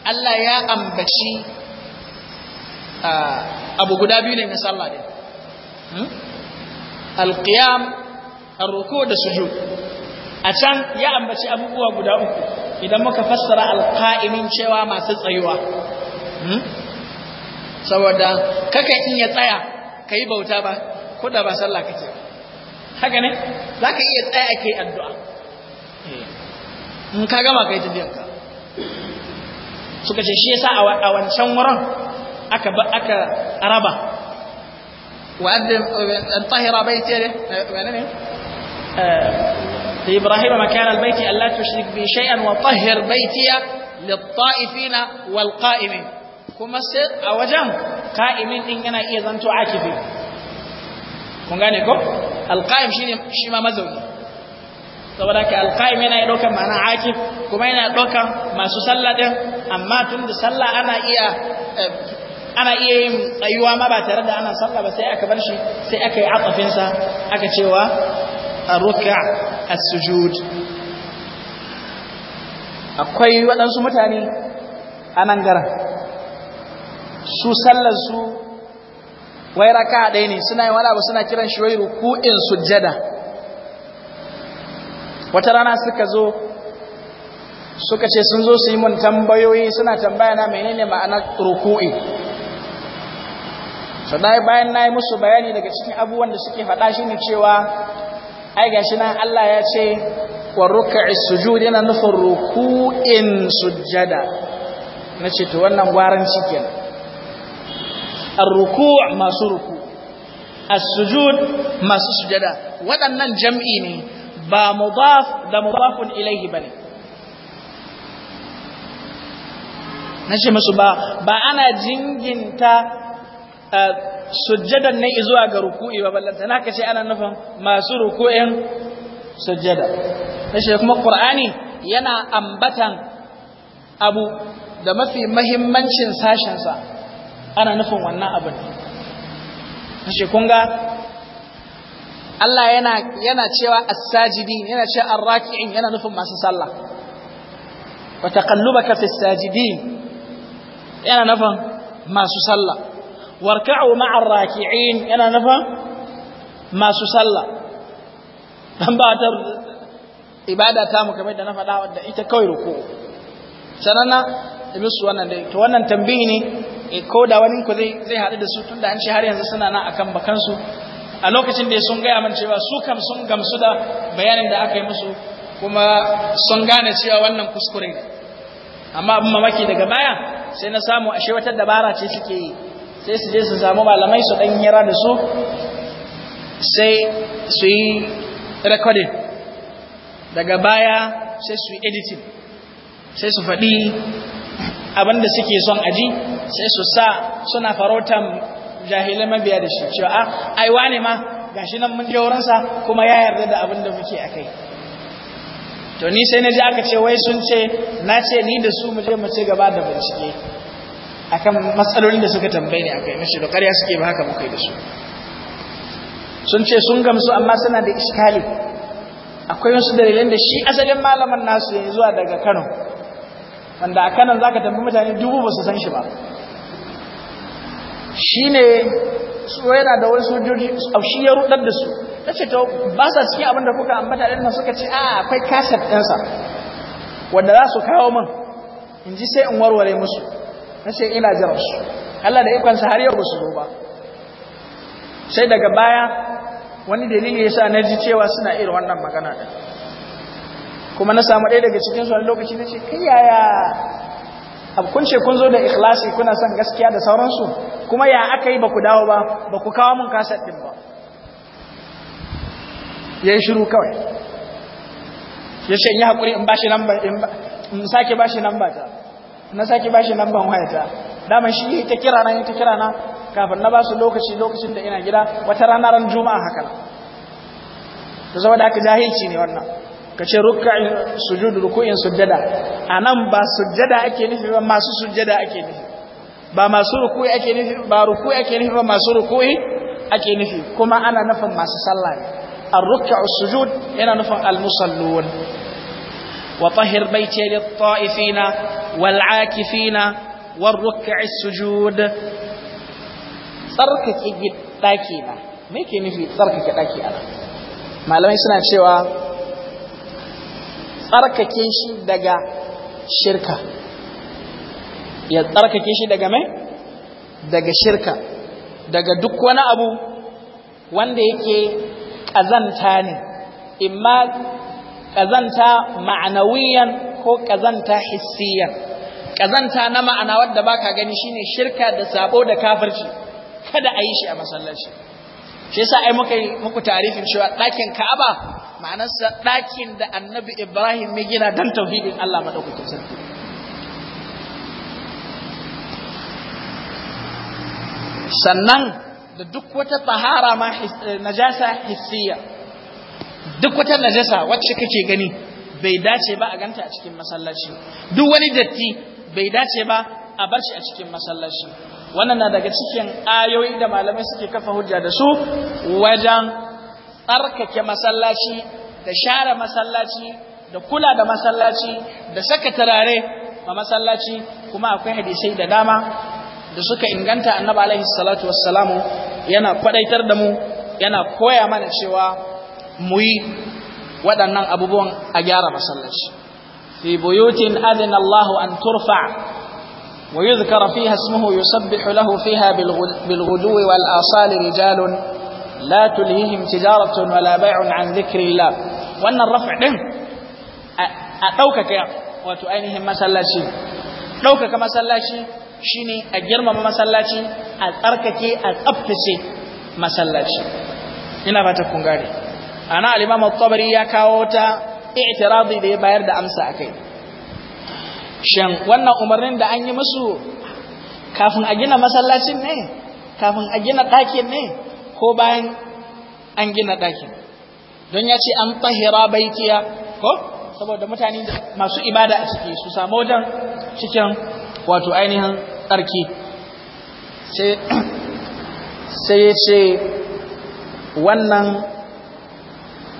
Allah ya ambaci abu guda biyu ne din al-qiyam ar-ruku' da sujud a can ya ambaci abubuwa guda uku idan muka fassara alƙa'imin cewa masu tsayuwa Hmm? saboda kakan iya tsaya ka yi bauta ba ko da ba sallah kake haka ne za ka iya tsaya ka addu'a in ka gama ka yi tafiyarka suka ce shi ya sa a wancan wurin aka raba. araba wa bai an tahira baiti eh, ne eh, ibrahim makan albayti alla tushrik bi shay'an wa tahhir baytiya للطائفين والقائمين kuma sai a wajen ka'imin din yana iya zanto akifi kun gane ko alqaim shine shi ma mazauni saboda ka alqaim yana ɗaukar ma'ana akif kuma yana ɗaukar masu sallah din amma tun da sallah ana iya eh, ana iya yin tsayuwa ma ba tare da ana sallah ba sai aka bar shi sai aka yi sa aka cewa ruka as-sujud akwai waɗansu mutane a nan garan su sallar su wai raka ɗaya ne suna yin wala ba suna kiran shi wai ruku'in sujjada wata rana suka zo suka ce sun zo su yi mun tambayoyi suna tambaya na menene ma'anar ruku'i so bayan na yi musu bayani daga cikin abubuwan da suke faɗa shi ne cewa ai shi nan Allah ya ce wa ruk'i sujud yana nufin ruku'in sujjada na ce to wannan gwaran cikin ar-ruku' masu ruku as-sujud masu sujada waɗannan jam'i ne ba mudaf da mudafun ilaihi bane nace musu ba ba ana jinginta eh, sujjadan ne zuwa ga ruku'i ba ballanta na ce ana nufin masu ruku'in sujjada nace kuma qur'ani yana ambatan abu da mafi mahimmancin sashensa ana nufin wannan abin shi kun ga Allah yana yana cewa as-sajidin yana cewa ar-raki'in yana nufin masu sallah wa taqallubaka fi sajidin yana nufin masu sallah warka'u ma'a ar-raki'in yana nufin masu sallah dan ba ta ibada ta mu kamar da na faɗa wadda ita kawai ruku sanana ibisu wannan dai to wannan tambayi ne Eh, ko da wani ku zai zai haɗu da su tunda an ce har yanzu suna nan akan bakansu a lokacin da sun gaya min cewa su kam sun gamsu da bayanin da aka yi musu kuma sun gane cewa wannan kuskure ne amma abin mamaki daga baya sai na samu ashe wata dabara ce suke yi sai su je su samu malamai su ɗan hira da su sai su yi recording daga baya sai su yi editing sai su faɗi abin da suke son aji sai su sa suna farautan jahilai mabiya da shi cewa ah, ai wane ma gashi nan mun je wurinsa kuma ya yarda da abin da muke a kai to ni sai na ji aka ce wai sun ce na ce ni da su mu je mu ce gaba da bincike akan matsalolin da suka tambaye ni akai mishi da ƙarya suke ba haka muka da su sun ce sun gamsu amma suna da iskali akwai wasu dalilan da shi asalin malamin nasu ya zuwa daga Kano wanda a kanan za ka tambi mutane dubu ba su san shi ba shi ne su yana da wani sojoji shi ya rudar da su ta ce to ba sa cikin abin da kuka ambata ɗin suka ce a akwai kaset ɗinsa wanda za su kawo min in ji sai in warware musu na ce ina jira su Allah da ikonsa har yau su zo ba sai daga baya wani dalili ya sa na ji cewa suna irin wannan magana ɗin kuma na samu ɗaya daga cikin su wani lokaci na ce kai yaya kun ce kun zo da ikhlasi kuna son gaskiya da sauransu kuma ya aka yi ba ku dawo ba ba ku kawo mun kasar ɗin ba ya yi shiru kawai ya ce yi haƙuri in bashi namba in sake bashi namba ta na sake bashi namban waya ta dama shi yi ta kira yi ta kira nan kafin na ba su lokaci lokacin da ina gida wata rana ran juma'a haka na to saboda haka jahilci ne wannan ka ce ruka'in sujud ruku'in sujjada anan ba sujjada ake nufi ba masu sujjada ake nufi ba masu ruku'i ake nufi ba ruku'i ake nufi ba masu ruku'i ake nufi kuma ana nufin masu sallah ar-ruk'u sujud yana nufin al-musallun wa tahir baiti lit-ta'ifina wal-'akifina war-ruk'i sujud tsarkake daki na me ke nufi tsarkake daki ana malamai suna cewa tsarkake shi daga shirka ya tsarkake shi daga mai daga shirka daga duk wani abu wanda yake ƙazanta ne imma ƙazanta ma'anawiyan ko ƙazanta hissiyan ƙazanta na ma'ana wadda baka gani shine shirka da sabo da kafirci kada a yi shi a masallaci shi yasa ai muka muku tarifin cewa ɗakin Ka'aba ma'anarsa ɗakin da Annabi Ibrahim ya gina dan tauhidin Allah madaukakin sarki sannan da duk wata tahara ma eh, najasa hissiya duk wata najasa wacce kake gani bai dace ba a ganta a cikin masallaci duk wani datti bai dace ba a bar shi a cikin masallaci wannan na daga cikin ayoyi da malamai suke kafa hujja da su wajen tsarkake masallaci da share masallaci da kula da masallaci da saka turare a masallaci kuma akwai hadisai da dama da suka inganta annabi alaihi salatu wassalamu yana kwadaitar da mu yana koya mana cewa mu yi waɗannan abubuwan a gyara masallaci fi buyutin adina an turfa ويذكر فيها اسمه يسبح له فيها بالغدو والآصال رجال لا تلهيهم تجارة ولا بيع عن ذكر الله وأن الرفع دم أتوك كيا وتؤينهم مثلا شيء أتوك كما سلا شيني أجرم ما سلا شيء أتركتي أتبتسي ما سلا شيء إنا فاتكم أنا الإمام الطبري يا كاوتا اعتراضي دي بايرد أمسا أكيد shan wannan umarnin da an yi musu kafin a gina masallacin ne kafin a gina ɗakin ne ko bayan an gina ɗakin don ya ce an tahira baitiya ko saboda mutane masu ibada a ciki su samu wajen cikin wato ainihin tsarki sai *clears throat* ya ce wannan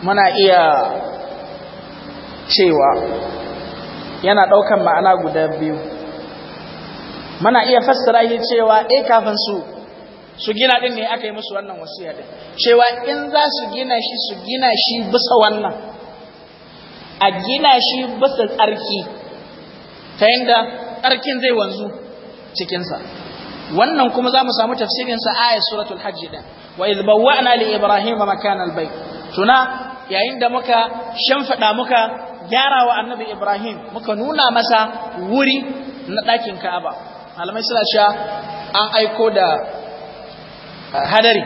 muna iya cewa yana ɗaukan ma'ana guda biyu mana iya fassara shi cewa eh kafin su su gina din ne aka yi musu wannan wasiya din cewa in za su gina shi su gina shi bisa wannan a gina shi bisa tsarki ta yadda tsarkin zai wanzu cikinsa wannan kuma za mu samu tafsirin sa ayat suratul hajji din wa iz bawwa'na li ibrahima makana bayt tuna yayin da muka shimfida muka gyara wa annabi Ibrahim muka nuna masa wuri na ɗakin Ka'aba malamai suna cewa an aiko da eh, hadari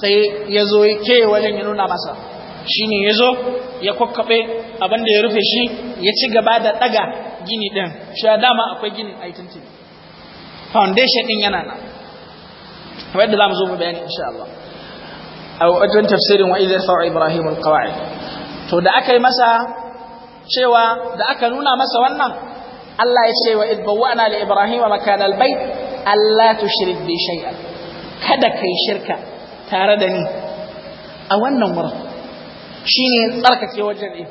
sai ya zo ke wajen ya nuna masa shi ne ya zo ya kwakwabe abin da ya rufe shi ya ci gaba da ɗaga gini ɗin shi dama akwai ginin aitintin foundation ɗin yana nan kamar yadda za mu zo mu bayani insha Allah a wajen tafsirin wa idza sa'a ibrahim to da aka yi masa cewa da aka nuna masa wannan Allah ya ce wa ana li Ibrahim makana albayt Allah tushrik bi shay'an kada kai shirka tare da ni a wannan wurin shine tsarkake wajen din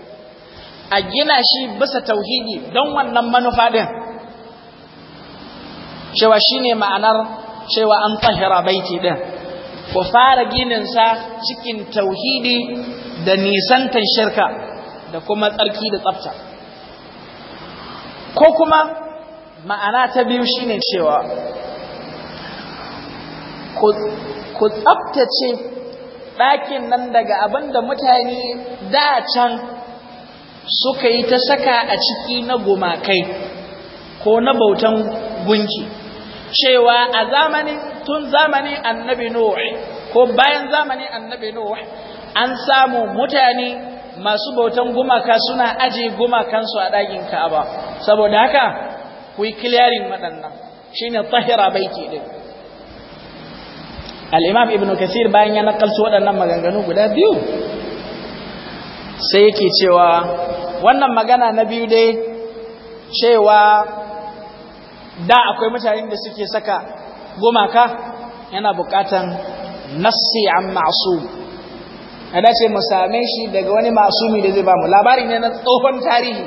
a gina shi bisa tauhidi don wannan manufa din cewa shine ma'anar cewa an tahira baiti din ku fara ginin sa cikin tauhidi da nisantan shirka da kuma tsarki da tsafta ko kuma ma'ana ta biyu shine cewa ku tsaftace ɗakin nan daga abin da mutane da can suka yi ta saka a ciki na gumakai ko na bautan gunki cewa a zamanin tun zamanin annabi nuh ko bayan zamanin annabi nuh an samu mutane masu bautan gumaka suna aje gumakansu a ɗakin Ka'aba saboda haka ku yi clearing madannan shine tahira baiti din al-imam ibnu kasir bayan ya su waɗannan maganganu guda biyu sai yake cewa wannan magana na biyu dai cewa da akwai mutanen da suke saka gumaka yana buƙatan nassi an ma'sum ya dace mu same shi daga wani masumi da zai ba mu labari ne na tsohon tarihi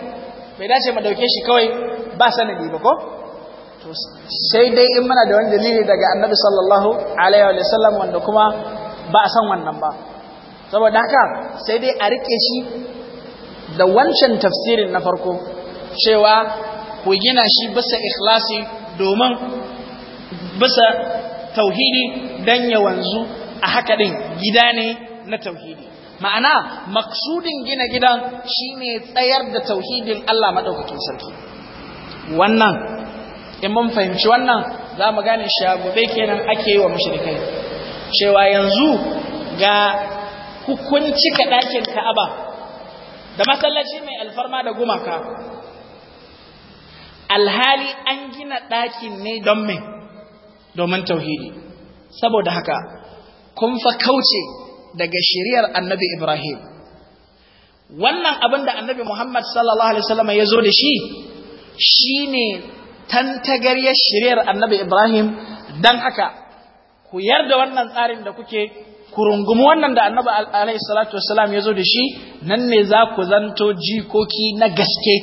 bai dace mu dauke shi kawai ba sanadi ba ko sai dai in muna da wani dalili daga annabi sallallahu alaihi wa sallam wanda kuma ba a san wannan ba saboda haka sai dai a rike shi da wancan tafsirin na farko cewa ku gina shi bisa ikhlasi domin bisa tauhidi dan ya wanzu a haka din gida ne na tauhidi ma'ana maksudin gina gidan shi ne tsayar da tauhidin Allah madaukakin sarki wannan in mun fahimci wannan za mu gane shagobe kenan ake yi wa mushrikai cewa yanzu ga hukunci ka ɗakin ka'aba da masallaci mai alfarma da gumaka alhali an gina ɗakin ne don mai domin tauhidi saboda haka kun fa kauce daga shiriyar annabi Ibrahim. Wannan abin da annabi Muhammad sallallahu Alaihi wasallam ya zo da shi, shi ne tantagaryar shiriyar annabi Ibrahim don haka, ku yarda wannan tsarin da kuke rungumi wannan da annabi alaihi salatu wasalam ya zo da shi nan ne za ku zanto jikoki na gaske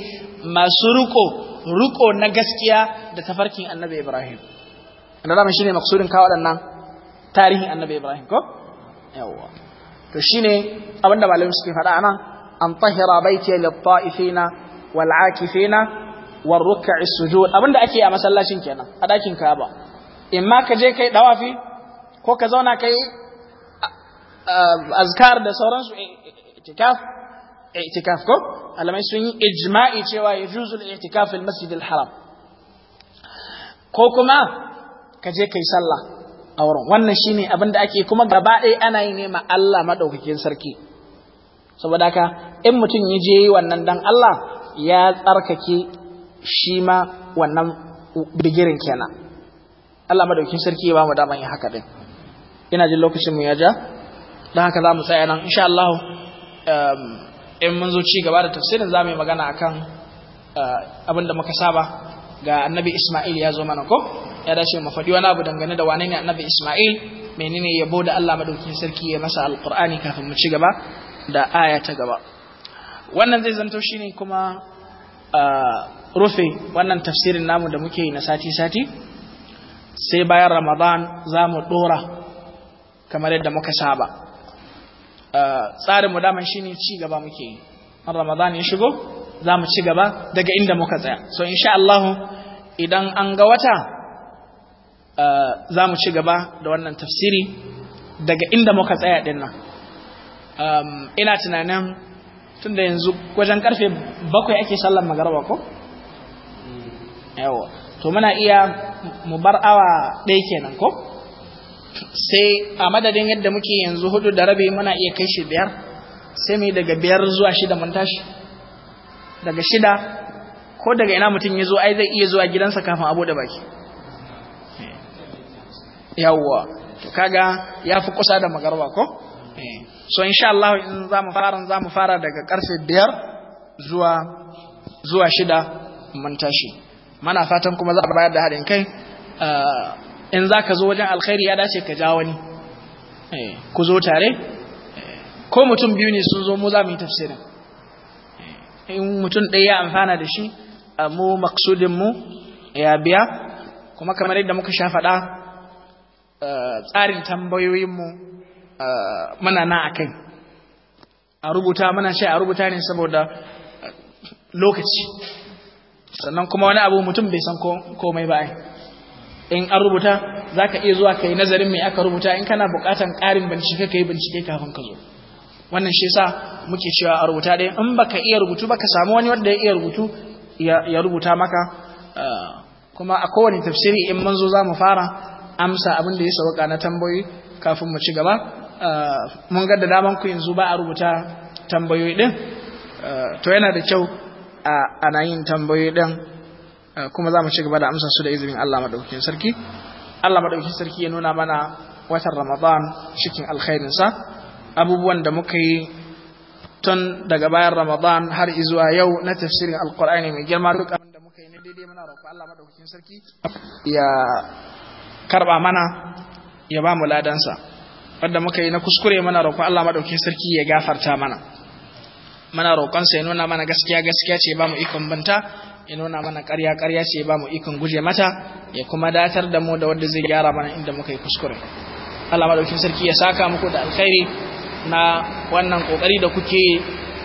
masu riko riko na gaskiya da tafarkin annabi ibrahim da dama shine maksudin kawo tarihin annabi ibrahim ko yawwa to shine abinda malamin suke faɗa ana, an tahira baiti lil ta'ifina wal akifina war ruk'i sujud abinda ake a masallacin kenan a dakin Ka'aba in ma ka je kai dawafi ko ka zauna kai azkar da sauransu itikaf itikaf ko alamai sun yi ijma'i cewa yajuzu al-itikaf fil masjid haram ko kuma ka je kai sallah auren wannan shine abin da ake kuma gaba ɗaya ana yi nema Allah madaukakin sarki saboda haka in mutum ya je wannan dan Allah ya tsarkake shi ma wannan bigirin kenan Allah madaukakin sarki ya ba mu daman yin haka din ina jin lokacin mu ya ja dan haka za mu tsaya nan insha Allah um, in mun zo ci gaba da tafsirin za mu yi magana akan uh, abin da muka saba ga annabi Ismail ya zo mana ko ya dace mu faɗi wani abu dangane da wane ne annabi Ismail menene yabo da Allah madaukakin sarki ya masa alqur'ani kafin mu ci gaba da aya ta gaba wannan zai zanto shine kuma rufe wannan tafsirin namu da muke yi na sati sati sai bayan Ramadan za mu dora kamar yadda muka saba tsarin mu daman shine ci gaba muke yi Ramadan ya shigo za mu ci gaba daga inda muka tsaya so insha Allah idan an ga wata Eh, za mu ci gaba da wannan tafsiri daga inda muka tsaya ɗin nan ina tunanin tun da yanzu wajen karfe bakwai ake sallar magarba ko? yawa to muna iya mu bar awa ɗaya kenan ko? sai a madadin yadda muke yanzu hudu da rabi muna iya kai shi biyar sai mu daga biyar zuwa shida mun tashi daga shida ko daga ina mutum ya zo ai zai iya zuwa gidansa kafin abu da baki yawwa to kaga yafi kusa da magarba ko eh. so insha Allah in zamu fara zamu fara daga karfe 5 zuwa zuwa shida mun tashi mana fatan kuma za a bayar da haɗin kai eh, in za ka zo wajen alkhairi ya dace ka ja wani eh, ku zo tare ko mutum biyu ne sun zo mu za mu yi tafsirin in mutum ɗaya ya amfana da shi mu maksudinmu ya biya kuma kamar yadda muka sha faɗa tsarin tambayoyinmu ah, muna na a kai a rubuta muna shi a rubuta ne saboda lokaci sannan kuma wani abu mutum bai san komai ba in an rubuta za ka iya zuwa ka yi nazarin mai aka rubuta in kana buƙatan ƙarin bincike ka yi bincike kafin ka zo wannan shi sa muke cewa a rubuta ɗaya in baka iya rubutu baka samu wani wanda ya iya rubutu ya rubuta maka ah, kuma a kowane tafsiri in manzo za mu fara amsa abin da ya sauka na tambayoyi kafin mu ci gaba eh, mun ga da daman ku yanzu ba a rubuta tambayoyi din eh, to yana da kyau ana yin tambayoyi din eh, kuma za mu ci gaba da amsa su da izinin Allah madaukakin sarki Allah madaukakin sarki ya nuna mana watan Ramadan cikin alkhairin sa abubuwan da muka yi tun daga bayan Ramadan har izuwa yau na tafsirin al-kur'ani mai girma duk abin da muka yi na daidai muna roƙo Allah madaukakin sarki ya karba mana ya ba mu ladansa wanda muka yi na kuskure mana roƙon Allah madaukin sarki ya gafarta mana mana roƙonsa ya nuna mana gaskiya gaskiya ce ba mu ikon banta ya nuna mana ƙarya ƙarya ce ba mu ikon guje mata ya kuma datar da mu da wanda zai gyara mana inda muka yi kuskure Allah madaukin sarki ya saka muku da alkhairi na wannan kokari da kuke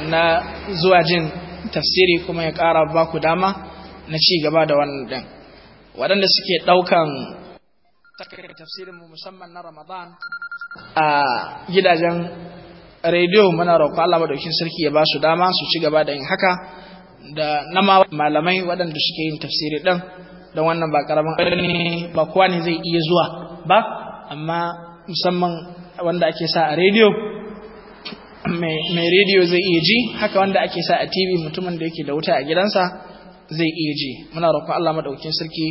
na zuwa jin tafsiri kuma ya ƙara ba ku dama na ci gaba da wannan waɗanda suke ɗaukan tafsirin mu musamman na Ramadan a gidajen rediyo muna roƙo Allah madaukin sarki ya ba su dama su ci gaba da yin haka da na malamai waɗanda suke yin tafsiri ɗin don wannan ba ne, ba kowa ne zai iya zuwa ba amma musamman wanda ake sa a rediyo mai rediyo zai iya ji haka wanda ake sa a tv mutumin da yake da wuta a gidansa zai iya ji muna roƙo Allah madaukin sarki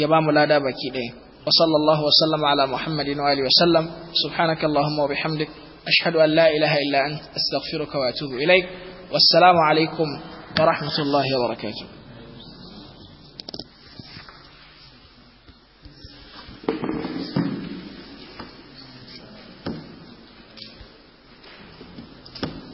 ya ba mu lada baki ɗaya وصلى الله وسلم على محمد وآله وسلم سبحانك اللهم وبحمدك أشهد أن لا إله إلا أنت أستغفرك وأتوب إليك والسلام عليكم ورحمة الله وبركاته